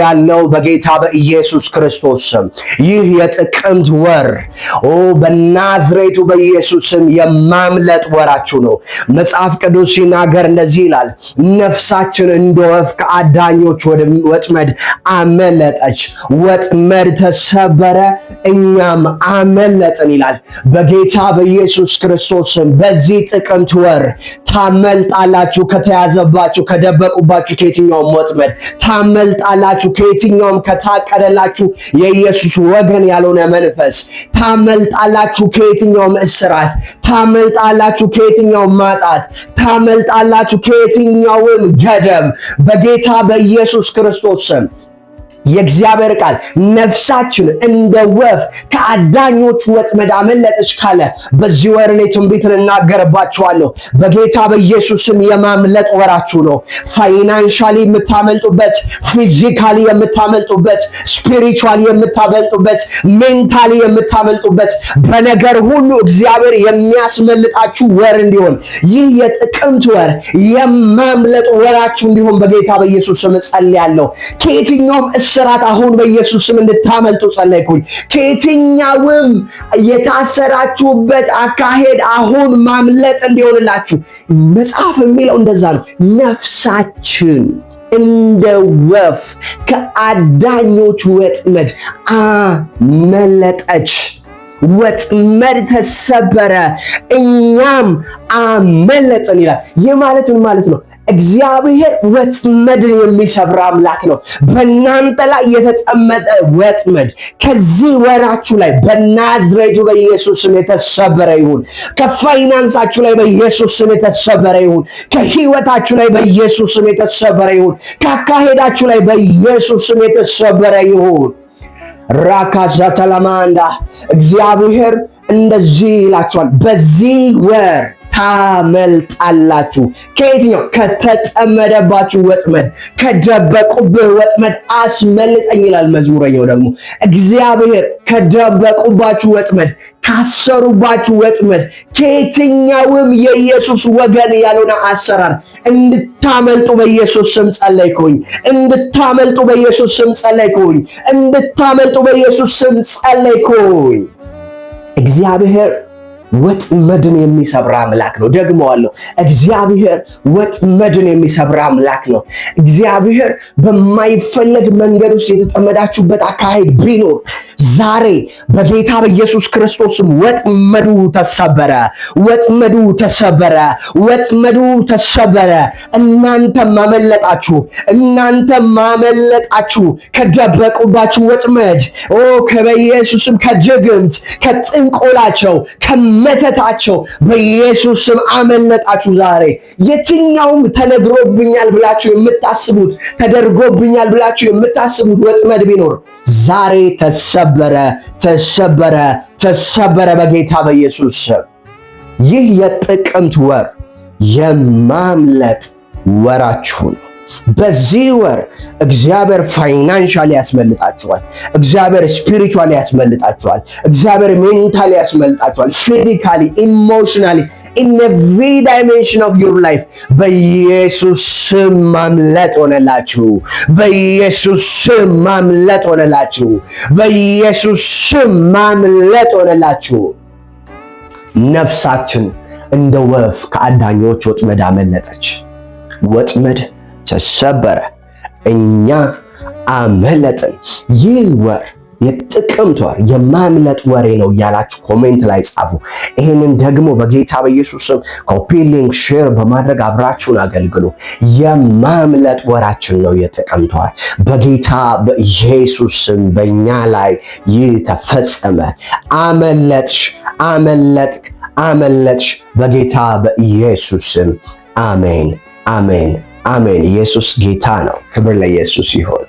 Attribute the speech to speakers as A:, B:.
A: ያለው በጌታ በኢየሱስ ክርስቶስ ስም። ይህ የጥቅምት ወር ኦ በናዝሬቱ በኢየሱስ ስም የማምለጥ ወራችሁ ነው። መጽሐፍ ቅዱስ ሲናገር እንደዚህ ይላል፣ ነፍሳችን እንደ ወፍ ከአዳኞች ወጥመድ አመለጠች፣ ወጥመድ ተሰበረ፣ እኛም አመለጥን ይላል። በጌታ በኢየሱስ ክርስቶስ ስም በዚህ ጥቅምት ወር ታመልጣላችሁ ከተያዘባችሁ ከደበቁባችሁ ከየትኛውም ወጥመድ ታመ ታመልጣላችሁ ከየትኛውም ከታቀደላችሁ የኢየሱስ ወገን ያልሆነ መንፈስ። ታመልጣላችሁ ከየትኛውም እስራት፣ ታመልጣላችሁ ከየትኛውም ማጣት፣ ታመልጣላችሁ ከየትኛውም ገደብ በጌታ በኢየሱስ ክርስቶስ ስም የእግዚአብሔር ቃል ነፍሳችን እንደ ወፍ ከአዳኞች ወጥመድ አመለጠች ካለ በዚህ ወር እኔ ትንቢትን እናገርባችኋለሁ። በጌታ በኢየሱስም የማምለጥ ወራችሁ ነው። ፋይናንሻሊ የምታመልጡበት፣ ፊዚካሊ የምታመልጡበት፣ ስፒሪቹዋሊ የምታመልጡበት፣ ሜንታሊ የምታመልጡበት፣ በነገር ሁሉ እግዚአብሔር የሚያስመልጣችሁ ወር እንዲሆን ይህ የጥቅምት ወር የማምለጥ ወራችሁ እንዲሆን በጌታ በኢየሱስም እጸልያለሁ ከየትኛውም እስራት አሁን በኢየሱስ ስም እንድታመልጡ ጸለይኩኝ። ከየትኛውም የታሰራችሁበት አካሄድ አሁን ማምለጥ እንዲሆንላችሁ መጽሐፍ የሚለው እንደዛ ነው። ነፍሳችን እንደ ወፍ ከአዳኞች ወጥመድ አመለጠች። ወጥመድ ተሰበረ፣ እኛም አመለጥን ይላል። ይህ ማለት ምን ማለት ነው? እግዚአብሔር ወጥመድን የሚሰብር አምላክ ነው። በእናንተ ላይ የተጠመጠ ወጥመድ ከዚህ ወራችሁ ላይ በናዝሬቱ በኢየሱስ ስም የተሰበረ ይሁን። ከፋይናንሳችሁ ላይ በኢየሱስ ስም የተሰበረ ይሁን። ከህይወታችሁ ላይ በኢየሱስ ስም የተሰበረ ይሁን። ከአካሄዳችሁ ላይ በኢየሱስ ስም የተሰበረ ይሁን። ራካዛተላማንዳ እግዚአብሔር እንደዚህ ይላቸዋል በዚህ ወር ታመልጣላችሁ። ከየትኛው? ከተጠመደባችሁ ወጥመድ፣ ከደበቁብህ ወጥመድ አስመልጠኝ ይላል መዝሙረኛው። ደግሞ እግዚአብሔር ከደበቁባችሁ ወጥመድ፣ ካሰሩባችሁ ወጥመድ፣ ከየትኛውም የኢየሱስ ወገን ያልሆነ አሰራር እንድታመልጡ በኢየሱስ ስም ጸለይኩኝ። እንድታመልጡ በኢየሱስ ስም ጸለይኩኝ። እንድታመልጡ በኢየሱስ ስም ጸለይኩኝ። እግዚአብሔር ወጥመድን የሚሰብር አምላክ ነው። ደግመዋለሁ፣ እግዚአብሔር ወጥመድን የሚሰብር አምላክ ነው። እግዚአብሔር በማይፈለግ መንገድ ውስጥ የተጠመዳችሁበት አካሄድ ቢኖር ዛሬ በጌታ በኢየሱስ ክርስቶስም ወጥመዱ ተሰበረ፣ ወጥመዱ ተሰበረ፣ ወጥመዱ ተሰበረ። እናንተ ማመለጣችሁ፣ እናንተ ማመለጣችሁ ከደበቁባችሁ ወጥመድ ኦ ከበኢየሱስም ከጅግምት ከጥንቆላቸው መተታቸው በኢየሱስ ስም አመለጣችሁ። ዛሬ የትኛውም ተነግሮብኛል ብላችሁ የምታስቡት ተደርጎብኛል ብላችሁ የምታስቡት ወጥመድ ቢኖር ዛሬ ተሰበረ፣ ተሰበረ፣ ተሰበረ በጌታ በኢየሱስ ስም። ይህ የጥቅምት ወር የማምለጥ ወራችሁ ነው። በዚህ ወር እግዚአብሔር ፋይናንሻሊ ያስመልጣችኋል። እግዚአብሔር ስፒሪቹዋል ያስመልጣችኋል። እግዚአብሔር ሜንታሊ ያስመልጣችኋል። ፊዚካሊ፣ ኢሞሽናሊ ኢን ኤቭሪ ዳይሜንሽን ኦፍ ዩር ላይፍ በኢየሱስ ስም ማምለጥ ሆነላችሁ። በኢየሱስ ስም ማምለጥ ሆነላችሁ። በኢየሱስ ስም ማምለጥ ሆነላችሁ። ነፍሳችን እንደ ወፍ ከአዳኞች ወጥመድ አመለጠች። ወጥመድ ተሰበረ፣ እኛ አመለጥን። ይህ ወር የጥቅምት ወር የማምለጥ ወሬ ነው እያላችሁ ኮሜንት ላይ ጻፉ። ይህንን ደግሞ በጌታ በኢየሱስ ስም ኮፒ ሊንክ፣ ሼር በማድረግ አብራችሁን አገልግሉ። የማምለጥ ወራችን ነው የጥቅምት ወር። በጌታ በኢየሱስ ስም በእኛ ላይ ይህ ተፈጸመ። አመለጥሽ፣ አመለጥክ፣ አመለጥሽ በጌታ በኢየሱስ ስም አሜን፣ አሜን። አሜን። ኢየሱስ ጌታ ነው። ክብር ለኢየሱስ ይሁን።